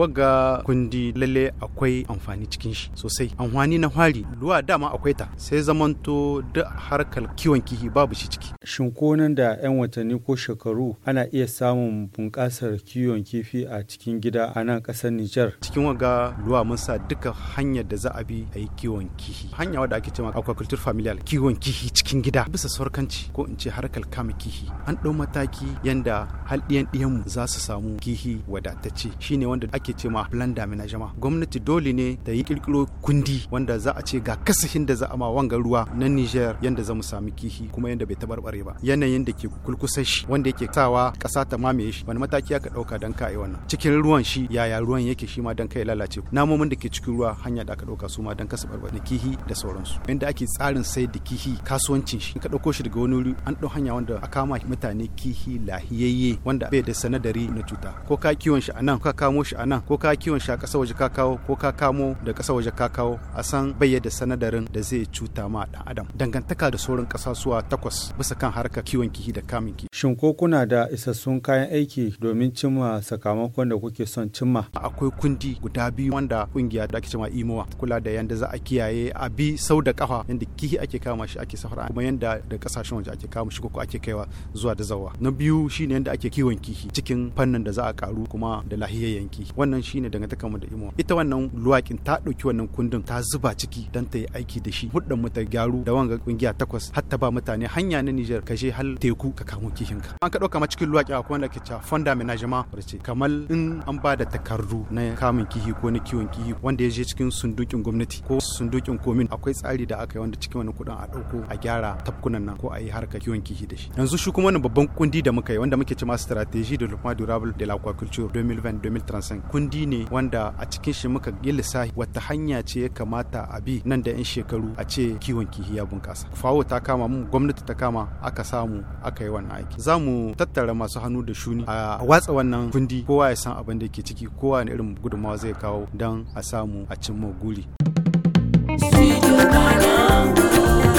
waga kundi lalle akwai amfani cikin shi sosai amfani na hwari luwa dama akwai ta sai zamanto da harkar kiwon kihi babu shi ciki shin ko nan da yan watanni ko shekaru ana iya samun bunƙasar kiwon kifi a cikin gida a nan ƙasar Nijar cikin waga luwa mun sa duka hanyar da za a bi a yi kiwon kihi hanya wadda ake cewa aquaculture familial kiwon kihi cikin gida bisa sarkanci ko in ce harkar kama kihi an ɗau mataki yanda hal ɗiyan ɗiyan mu za su samu kihi wadatacce shine wanda ake ake ce ma plan d'aménagement gwamnati dole ne ta yi kirkiro kundi wanda za a ce ga kasashen da za a ma wanga ruwa na Niger yanda za mu sami kihi kuma yanda bai tabarbare ba yanayin da ke kulkusa shi wanda yake sawa kasa ta mamaye shi wani mataki aka dauka dan kai wannan cikin ruwan shi yaya ruwan yake shi ma dan kai lalace namomin da ke cikin ruwa hanya da aka dauka su ma dan kasa barbare da kihi da sauransu yanda ake tsarin sai da kihi kasuwancin shi ka dauko shi daga wani wuri an dau hanya wanda a kama mutane kihi lahiyayye wanda bai da sanadari na cuta ko ka kiwon shi anan ka kamo shi anan nan ko ka kiwon shi a ƙasa waje ka kawo ko ka kamo da ƙasa waje ka kawo a san bayyada sanadarin da zai cuta ma ɗan adam dangantaka da sauran ƙasasuwa takwas bisa kan harkar kiwon kihi da kamun kifi. Shin ko kuna da isassun kayan aiki domin cimma sakamakon da kuke son cimma? Akwai kundi guda biyu wanda kungiya da ake cewa imowa kula da yanda za a kiyaye a bi sau da kafa yanda kihi ake kama shi ake safara kuma yanda da ƙasashen waje ake kama shi ko ake kaiwa zuwa da zawa. Na biyu shine yadda ake kiwon kihi cikin fannin da za a karu kuma da lahiyayyen kihi. wannan shine ta kama da imo ita wannan luwakin ta dauki wannan kundin ta zuba ciki dan ta yi aiki da shi huddan mu ta gyaru da wanga kungiya takwas har ta ba mutane hanya na Niger ka je hal teku ka kamo kihinka an ka dauka ma cikin luwakin akwai wanda ke cewa fonda menajema ce kamar in an ba da takardu na kamun kihi ko na kiwon kihi wanda ya je cikin sundukin gwamnati ko sundukin komin akwai tsari da aka yi wanda cikin wannan kuɗin a dauko a gyara tafkunan nan ko a yi harka kiwon kihi da shi yanzu shi kuma wannan babban kundi da muka yi wanda muke cewa strategy de development durable de l'aquaculture 2020-2035 kundi ne wanda a cikin shi muka yi lissafi wata hanya ce ya kamata a bi nan da 'yan shekaru a ce kiwon kihiya ya bunƙasa fawo ta kama mu gwamnati ta kama aka samu aka yi wannan aiki za mu tattara masu hannu da shuni a watsa wannan kundi kowa ya san abin da ke ciki kowa ne irin gudunmawa zai kawo don a samu a cimma guri. Studio Banangu.